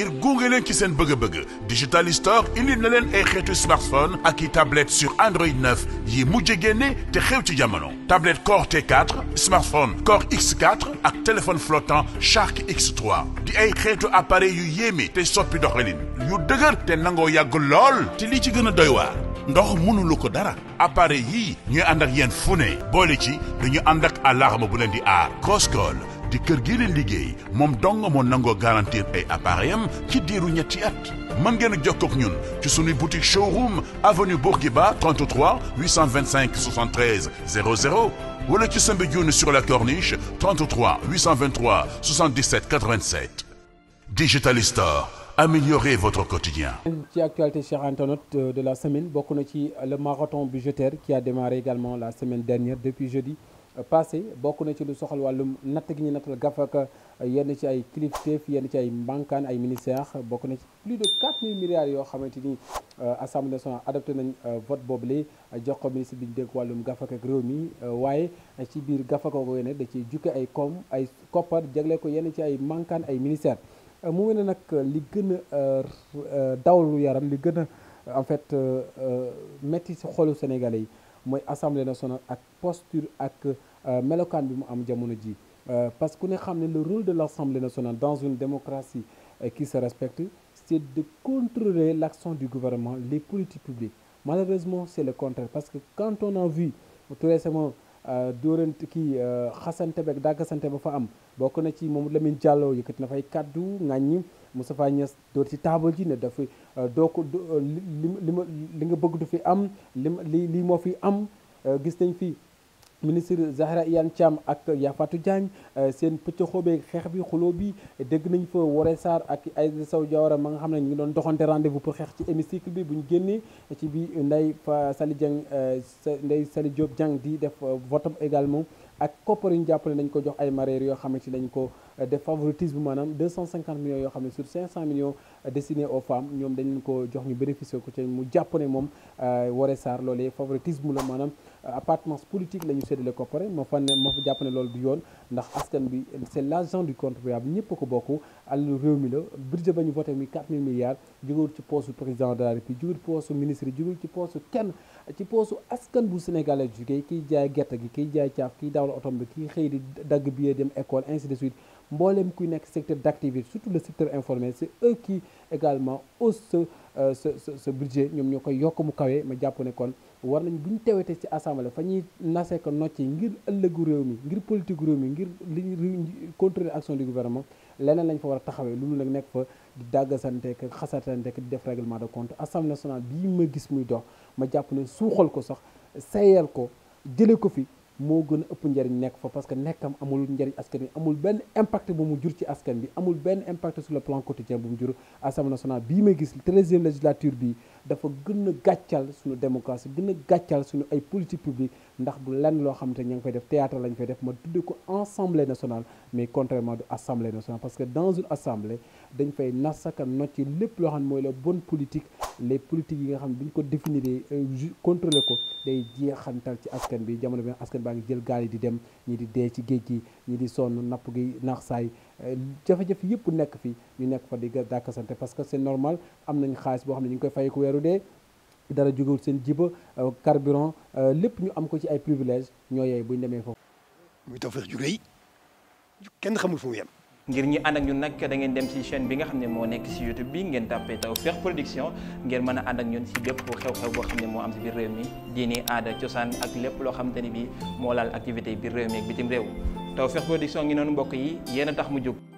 ngir gunge leen ci seen bëgg-bëgg digital store indi na leen ay xeetu smartphone ak i tablette sur Android 9 yi mu génne te xew ci jamono tablette Core T4 smartphone Core X4 ak téléphone flottant Shark X3 di ay xeetu appareil yu yéeme te soppi doxalin yu dëgër te nangoo yàgg lool te li ci gën a doy waar ndox mënulu ko dara appareil yi ñuy ànd ak yéen ne boole ci du ñu ànd ak ma bu leen di aar Crosscall di kër gi leen liggéey moom dong moo nangoo garantir ay appareil am ci diiru ñetti at mën ngeen a jokkoo ñun ci suñuy boutique showroom avenue Bourguiba 33 825 73 00 wala ci Soumbédioune sur la corniche 33 823 77 87 Digital Store améliorez votre quotidien. ci actualité chers internautes euh, de la semaine bokk na ci le marathon budgétaire qui a démarré également la semaine dernière depuis jeudi. passé bokk na ci lu soxal wàllum natt gi ñu nattal gaf ak yenn ci ay kilifteef yenn ci ay mbankaan ay ministères bokk na ci plus de 4000 milliards yoo xamante ni euh, assemblée nationale adopté nañ euh, vote boobule jox ko ministre bi ñu dégg wàllum gaf ak réew mi euh, waaye ci biir gaf ak googu da ciy jukke ay koom ay koppar jagle ko yenn ci ay mbankaan ay ministères mu mel ne nag li gën a dawlu yaram li gën a en fait métti si xolu Sénégalais yi. mooy assemblée nationale ak posture ak euh, melokaan bi mu am jamono ji euh, parce que ku ne xam ne le rôle de l' assemblée nationale dans une démocratie euh, qui se respecte c' est de contrôler l' action du gouvernement les politiques publiques malheureusement c' est le contraire parce que quand on a vu tout récemment Euh, dóorante kii euh, xasante beeg dàggasante ba fa am bokk na ci moom Lamine Diallo yëkkati na fay kàddu ŋàññi Moustapha Niass dóor ci taabal ji ne dafa euh, doo ko li li li nga bëgg du fi am li li lii moo fi am gis nañ fi ministre Zahra Iyane Thiam ak Yafatou Diagne euh, seen pëcc xoobeeg xeex bi xuloo bi dégg nañ fa Woré Sarr ak ay Sow Diawara ma nga xam ne ngi doon doxante rendez-vous pour xeex ci hémicycle bi bu ñu génnee ci bi Ndeye fa Sali Dieng euh, Ndeye Sali Diop Dieng di def euh, votam également ak koppar yu ñu jàppale dañ ko jox ay mareyeurs yoo xam ne ci lañ ko def favoritisme maanaam 250 millions yoo xam ne sur 500 millions destinés aux femmes ñoom dañ leen ko jox ñu bénéficier ko ci mu jàpp ne moom Woré Sarr loolee favoritisme la maanaam Euh, appartenance politique la ñu séddale ko pare ma fan ne ma fa jàpp ne loolu du yoon ndax askan bi c'est l'argent du contribuable ñëpp ko bokk àll réew mi la budget ba ñu voté mi 4000 milliards jógewul ci poosu président de la république jógewul ci poosu ministre yi jógewul ci poosu kenn ci poosu askan bu sénégalais jógee kiy jaay gerte gi kiy jaay caaf kiy dawal otom bi kiy xëy di dagg billet dem école ainsi de suite mbooleem kuy nekk secteur d'activité surtout le secteur informel c'est également haussent Euh, sa sa sa budget ñoom ñoo koy yokk mu kawee ma jàpp ne kon war nañ bu ñu teewete ci assemblée fa ñuy nase ko nocc yi ngir ëllëgu réew mi ngir politique réew mi ngir li contrôler action du gouvernement leneen lañ fa war a taxawee loolu nag nekk fa di dàggasante ak xasatante di def règlement de compte assemblée nationale bii ma gis muy dox ma jàpp ne suuxal ko sax seyal ko jële ko fi moo gën a ëpp njariñ nekk fa parce que nekkam amul njariñ askan bi amul benn impact bu mu jur ci askan bi amul benn impact sur le plan quotidien bu mu jur assemblée nationale bi may gis treizième législature bi dafa gën a gàccal suñu démocratie gën gàccal suñu ay politique publique ndax du lenn loo xam te ña ngi koy def théâtre lañ koy def ma tudde ko assemblée nationale mais contrairement du assemblée nationale parce que dans une assemblée dañ fay nasaka not ci lépp loo xam ne mooy la bon politique les politiques yi nga xam ne duñ ko définir euh, contrôler ko day jeexantal ci askan bi jamono bi askan baa ngi jël gaal yi di dem ñi di dee ci géej gi ñi di sonn napp gi naax saay jafe-jafe yëpp nekk fi ñu nekk fa di dàkkasante parce que c'est normal am nañ xaalis boo xam ne ñu ngi koy fayeeku weeru de dara jógewul seen jiba euh, carburant euh, lépp ñu am ko ci ay privilège ñoo yooyu buñ demee foofu. muy Tawfekh ju rëy kenn xamul fu mu ngir ñu ànd ak ñun nag da ngeen dem ci chaine bi nga xam ne moo nekk ci YouTube bi ngeen tàppee Tawfekh Production ngeen mën a ànd ak ñun ci lépp xew-xew boo xam ne moo am ci biir réew mi diini aada cosaan ak lépp loo xamante ni bi moo laal activité biir réew mi ak bitim réew Tawfekh Production ngi noonu mbokk yi yéen tax mu jóg